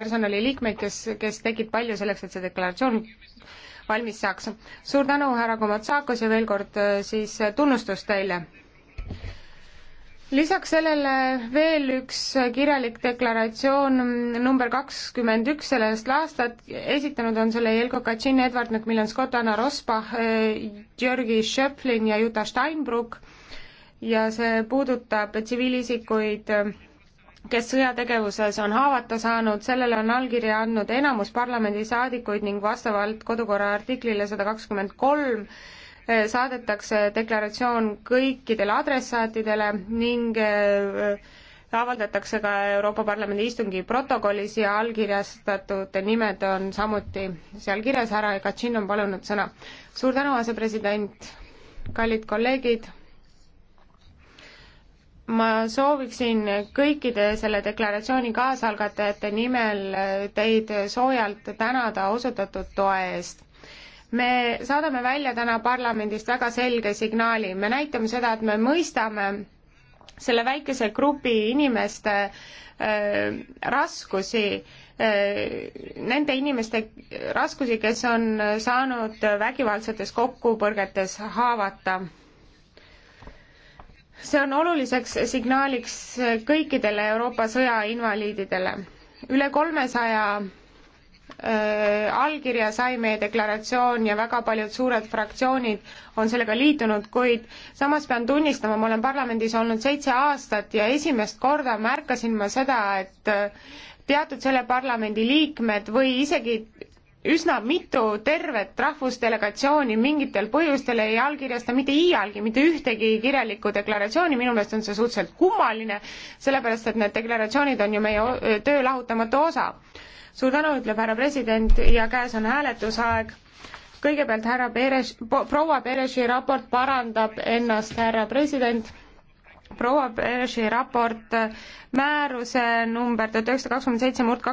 personaliliikmeid, kes, kes tegid palju selleks, et see deklaratsioon valmis saaks. suur tänu, härra Komatsakos ja veel kord äh, siis äh, tunnustus teile. lisaks sellele veel üks äh, kirjalik deklaratsioon mm, number kakskümmend üks sellest aastat, esitanud on selle Jelko Katšin, Edward McMillan Scott, Anna Rosbach, Georgi Schöpflin ja Juta Steinbrück ja see puudutab tsiviilisikuid kes sõjategevuses on haavata saanud, sellele on allkirja andnud enamus parlamendisaadikuid ning vastavalt kodukorra artiklile sada kakskümmend kolm eh, saadetakse deklaratsioon kõikidele adressaatidele ning eh, avaldatakse ka Euroopa Parlamendi istungi protokollis ja allkirjastatud nimed on samuti seal kirjas, härra Katšin on palunud sõna. suur tänu, asepresident, kallid kolleegid ma sooviksin kõikide selle deklaratsiooni kaasalgatajate nimel teid soojalt tänada osutatud toe eest. me saadame välja täna parlamendist väga selge signaali, me näitame seda, et me mõistame selle väikese grupi inimeste äh, raskusi äh,, nende inimeste raskusi, kes on saanud vägivaldsetes kokkupõrgetes haavata see on oluliseks signaaliks kõikidele Euroopa sõjainvaliididele. üle kolmesaja allkirja sai meie deklaratsioon ja väga paljud suured fraktsioonid on sellega liitunud, kuid samas pean tunnistama, ma olen parlamendis olnud seitse aastat ja esimest korda märkasin ma seda, et teatud selle parlamendi liikmed või isegi üsna mitu tervet rahvusdelegatsiooni mingitel põhjustel ei allkirjasta mitte iialgi mitte ühtegi kirjalikku deklaratsiooni, minu meelest on see suhteliselt kummaline, sellepärast et need deklaratsioonid on ju meie töö lahutamatu osa. suur tänu, ütleb härra president ja käes on hääletusaeg. kõigepealt härra Peres, proua Peresi raport parandab ennast, härra president proua Peresi raport määruse number tuhat üheksasada kakskümmend seitse murd kaks